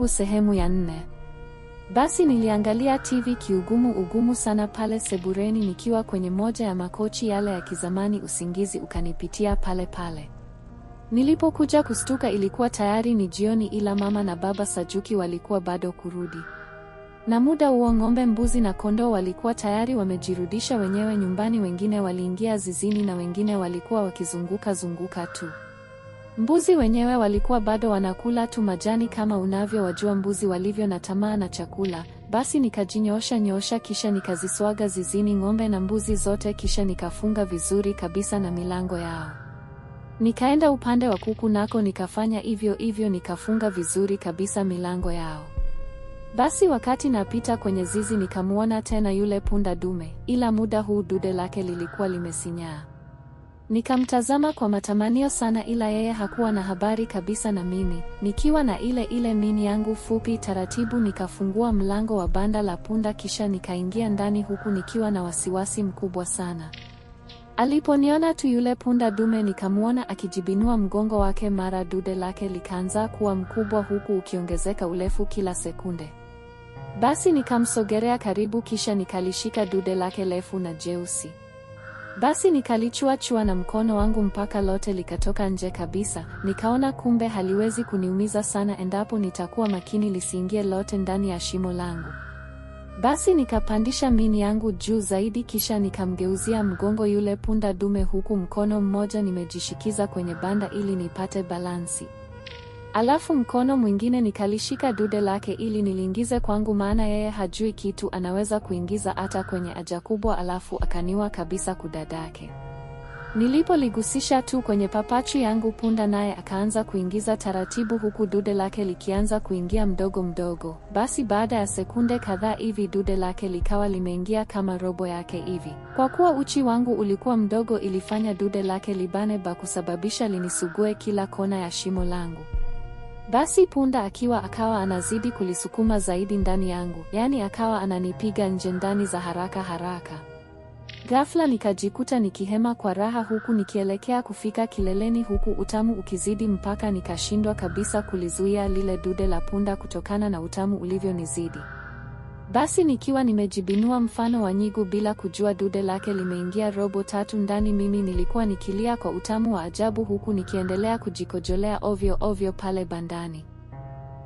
Usiku sehemu ya nne. Basi niliangalia TV kiugumu ugumu sana pale sebureni nikiwa kwenye moja ya makochi yale ya kizamani, usingizi ukanipitia pale pale. Nilipokuja kustuka ilikuwa tayari ni jioni, ila mama na baba Sajuki walikuwa bado kurudi. Na muda huo ng'ombe, mbuzi na kondoo walikuwa tayari wamejirudisha wenyewe nyumbani, wengine waliingia zizini na wengine walikuwa wakizunguka zunguka tu. Mbuzi wenyewe walikuwa bado wanakula tu majani kama unavyowajua mbuzi walivyo na tamaa na chakula. Basi nikajinyoosha nyoosha, kisha nikaziswaga zizini ng'ombe na mbuzi zote, kisha nikafunga vizuri kabisa na milango yao. Nikaenda upande wa kuku, nako nikafanya hivyo hivyo, nikafunga vizuri kabisa milango yao. Basi wakati napita kwenye zizi, nikamwona tena yule punda dume, ila muda huu dude lake lilikuwa limesinyaa. Nikamtazama kwa matamanio sana, ila yeye hakuwa na habari kabisa na mimi. Nikiwa na ile ile mini yangu fupi, taratibu nikafungua mlango wa banda la punda, kisha nikaingia ndani, huku nikiwa na wasiwasi mkubwa sana. Aliponiona tu yule punda dume, nikamwona akijibinua mgongo wake, mara dude lake likaanza kuwa mkubwa, huku ukiongezeka urefu kila sekunde. Basi nikamsogerea karibu, kisha nikalishika dude lake refu na jeusi. Basi nikalichuachua na mkono wangu mpaka lote likatoka nje kabisa. Nikaona kumbe haliwezi kuniumiza sana endapo nitakuwa makini lisiingie lote ndani ya shimo langu. Basi nikapandisha mini yangu juu zaidi, kisha nikamgeuzia mgongo yule punda dume, huku mkono mmoja nimejishikiza kwenye banda ili nipate balansi. Alafu mkono mwingine nikalishika dude lake ili niliingize kwangu, maana yeye hajui kitu, anaweza kuingiza hata kwenye haja kubwa, alafu akaniwa kabisa kudadake. Nilipoligusisha tu kwenye papachu yangu, punda naye akaanza kuingiza taratibu, huku dude lake likianza kuingia mdogo mdogo. Basi baada ya sekunde kadhaa hivi dude lake likawa limeingia kama robo yake hivi. Kwa kuwa uchi wangu ulikuwa mdogo, ilifanya dude lake libane ba kusababisha linisugue kila kona ya shimo langu. Basi punda akiwa akawa anazidi kulisukuma zaidi ndani yangu, yaani akawa ananipiga nje ndani za haraka haraka. Ghafla nikajikuta nikihema kwa raha huku nikielekea kufika kileleni huku utamu ukizidi mpaka nikashindwa kabisa kulizuia lile dude la punda kutokana na utamu ulivyonizidi. Basi nikiwa nimejibinua mfano wa nyigu bila kujua dude lake limeingia robo tatu ndani, mimi nilikuwa nikilia kwa utamu wa ajabu, huku nikiendelea kujikojolea ovyo ovyo pale bandani.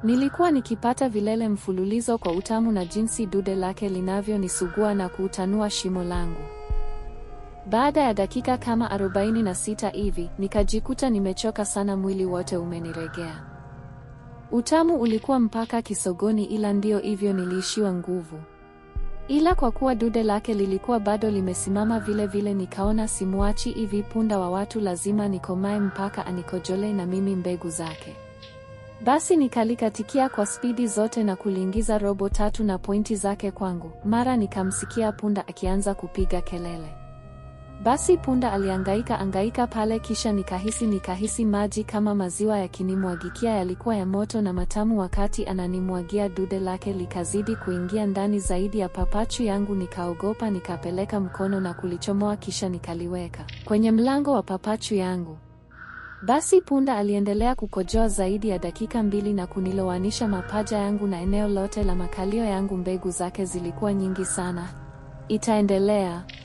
Nilikuwa nikipata vilele mfululizo kwa utamu na jinsi dude lake linavyonisugua na kuutanua shimo langu. Baada ya dakika kama 46 hivi, nikajikuta nimechoka sana, mwili wote umeniregea. Utamu ulikuwa mpaka kisogoni, ila ndio hivyo, niliishiwa nguvu. Ila kwa kuwa dude lake lilikuwa bado limesimama vile vile, nikaona simuachi hivi punda wa watu, lazima nikomae mpaka anikojole na mimi mbegu zake. Basi nikalikatikia kwa spidi zote na kuliingiza robo tatu na pointi zake kwangu. Mara nikamsikia punda akianza kupiga kelele. Basi punda aliangaika angaika pale, kisha nikahisi nikahisi maji kama maziwa yakinimwagikia, yalikuwa ya moto na matamu. Wakati ananimwagia dude lake likazidi kuingia ndani zaidi ya papachu yangu, nikaogopa, nikapeleka mkono na kulichomoa, kisha nikaliweka kwenye mlango wa papachu yangu. Basi punda aliendelea kukojoa zaidi ya dakika mbili na kunilowanisha mapaja yangu na eneo lote la makalio yangu. Mbegu zake zilikuwa nyingi sana. Itaendelea.